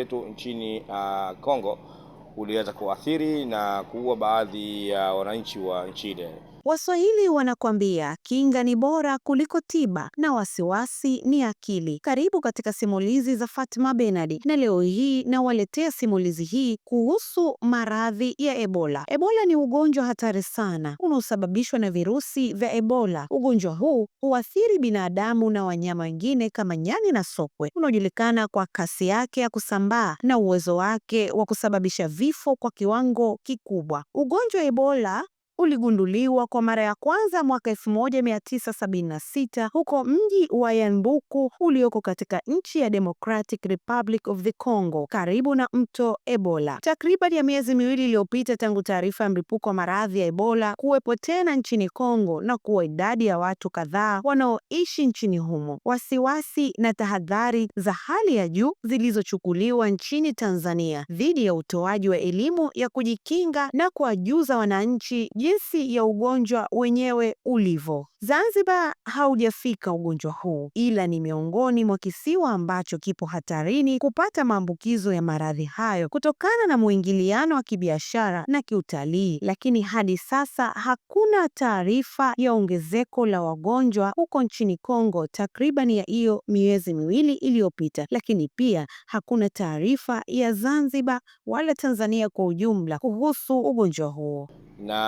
wenzetu nchini uh, Kongo uh, uliweza kuathiri na kuua baadhi ya uh, wananchi wa nchi ile. Waswahili wanakwambia kinga ni bora kuliko tiba na wasiwasi ni akili. Karibu katika simulizi za Fatma Benard, na leo hii nawaletea simulizi hii kuhusu maradhi ya Ebola. Ebola ni ugonjwa hatari sana unaosababishwa na virusi vya Ebola. Ugonjwa huu huathiri binadamu na wanyama wengine kama nyani na sokwe, unaojulikana kwa kasi yake ya kusambaa na uwezo wake wa kusababisha vifo kwa kiwango kikubwa. Ugonjwa wa Ebola uligunduliwa kwa mara ya kwanza mwaka 1976 huko mji wa Yanbuku ulioko katika nchi ya Democratic Republic of the Congo karibu na mto Ebola. Takriban ya miezi miwili iliyopita tangu taarifa ya mlipuko wa maradhi ya Ebola kuwepo tena nchini Kongo na kuwa idadi ya watu kadhaa wanaoishi nchini humo, wasiwasi na tahadhari za hali ya juu zilizochukuliwa nchini Tanzania dhidi ya utoaji wa elimu ya kujikinga na kuwajuza wananchi jinsi ya ugonjwa wenyewe ulivyo. Zanzibar haujafika ugonjwa huu, ila ni miongoni mwa kisiwa ambacho kipo hatarini kupata maambukizo ya maradhi hayo kutokana na mwingiliano wa kibiashara na kiutalii, lakini hadi sasa hakuna taarifa ya ongezeko la wagonjwa huko nchini Kongo takribani ya hiyo miezi miwili iliyopita, lakini pia hakuna taarifa ya Zanzibar wala Tanzania kwa ujumla kuhusu ugonjwa huo na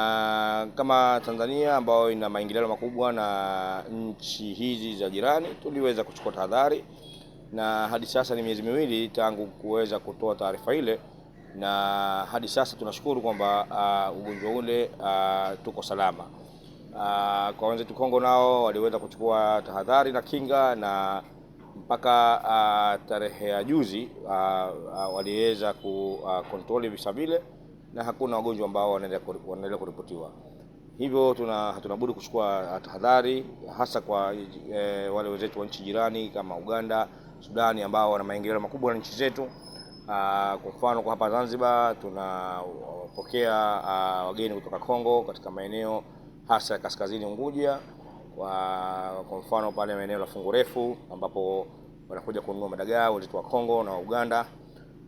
kama Tanzania ambayo ina maingiliano makubwa na nchi hizi za jirani, tuliweza kuchukua tahadhari na hadi sasa ni miezi miwili tangu kuweza kutoa taarifa ile, na hadi sasa tunashukuru kwamba uh, ugonjwa ule uh, tuko salama. Uh, kwa wenzetu Kongo nao waliweza kuchukua tahadhari na kinga na mpaka uh, tarehe ya juzi uh, uh, waliweza ku uh, visa vile na hakuna wagonjwa ambao wanaendelea kuripotiwa. Hivyo tuna hatunabudi kuchukua tahadhari hasa kwa e, wale wenzetu wa nchi jirani kama Uganda, Sudani ambao wana maingiliano makubwa na nchi zetu. Kwa mfano kwa hapa Zanzibar tunapokea wageni kutoka Kongo katika maeneo hasa kaskazini Unguja, kwa mfano pale maeneo la Fungu Refu ambapo wanakuja kununua madagaa wenzetu wa Kongo na Uganda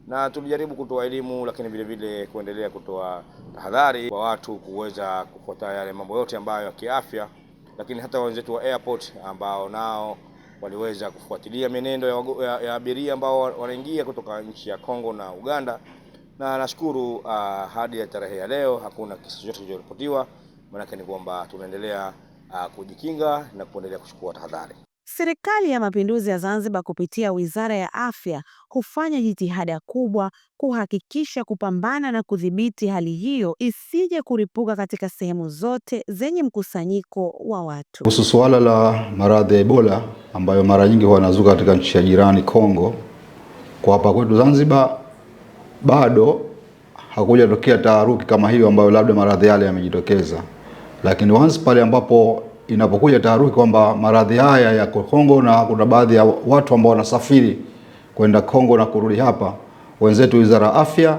na tulijaribu kutoa elimu, lakini vile vile kuendelea kutoa tahadhari kwa watu kuweza kufuata yale mambo yote ambayo ya kiafya, lakini hata wenzetu wa airport ambao nao waliweza kufuatilia mienendo ya, ya, ya abiria ambao wanaingia kutoka nchi ya Kongo na Uganda, na nashukuru uh, hadi ya tarehe ya leo hakuna kisa chochote kilichoripotiwa. Maanake ni kwamba tunaendelea uh, kujikinga na kuendelea kuchukua tahadhari. Serikali ya Mapinduzi ya Zanzibar kupitia Wizara ya Afya hufanya jitihada kubwa kuhakikisha kupambana na kudhibiti hali hiyo isije kuripuka katika sehemu zote zenye mkusanyiko wa watu. Kuhusu suala la maradhi ya Ebola ambayo mara nyingi huwa yanazuka katika nchi ya jirani Kongo, kwa hapa kwetu Zanzibar bado hakujatokea taharuki kama hiyo ambayo labda maradhi yale yamejitokeza, lakini once pale ambapo inapokuja taharuki kwamba maradhi haya yako Kongo na kuna baadhi ya watu ambao wanasafiri kwenda Kongo na kurudi hapa, wenzetu wizara ya afya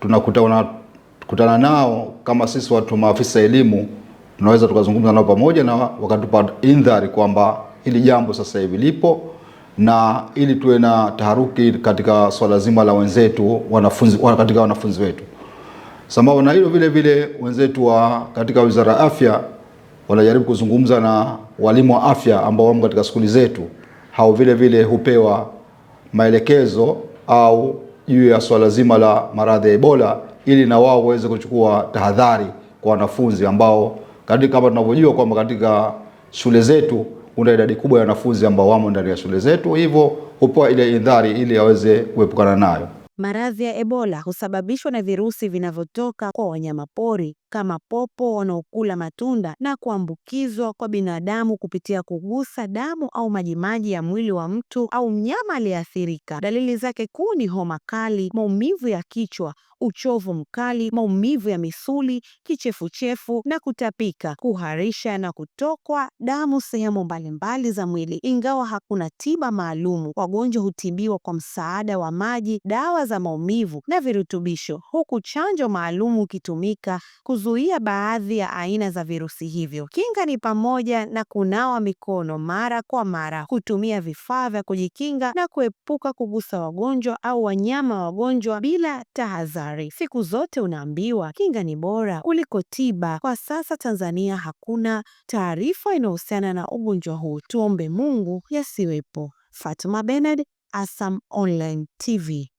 tunakutana nao, kama sisi watu maafisa elimu tunaweza tukazungumza nao pamoja, na wakatupa indhari kwamba hili jambo sasa hivi lipo, na ili tuwe na taharuki katika swala zima la wenzetu wanafunzi, katika wanafunzi wetu. Sambamba na hilo vile vile wenzetu wa katika wizara ya afya wanajaribu kuzungumza na walimu wa afya ambao wamo katika shule zetu, hao vile vile hupewa maelekezo au juu ya swala zima la maradhi ya Ebola ili na wao waweze kuchukua tahadhari kwa wanafunzi ambao katika, kama tunavyojua kwamba katika shule zetu kuna idadi kubwa ya wanafunzi ambao wamo ndani ya shule zetu, hivyo hupewa ile indhari ili aweze kuepukana nayo. Maradhi ya Ebola husababishwa na virusi vinavyotoka kwa wanyama pori kama popo wanaokula matunda na kuambukizwa kwa binadamu kupitia kugusa damu au majimaji ya mwili wa mtu au mnyama aliyeathirika. Dalili zake kuu ni homa kali, maumivu ya kichwa, uchovu mkali, maumivu ya misuli, kichefuchefu na kutapika, kuharisha na kutokwa damu sehemu mbalimbali za mwili. Ingawa hakuna tiba maalumu, wagonjwa hutibiwa kwa msaada wa maji, dawa za maumivu na virutubisho, huku chanjo maalumu ikitumika kuzuia baadhi ya aina za virusi hivyo. Kinga ni pamoja na kunawa mikono mara kwa mara, kutumia vifaa vya kujikinga na kuepuka kugusa wagonjwa au wanyama wagonjwa bila tahadhari. Siku zote unaambiwa kinga ni bora kuliko tiba. Kwa sasa Tanzania hakuna taarifa inayohusiana na ugonjwa huu. Tuombe Mungu yasiwepo. Fatuma Benard, ASAM Online TV.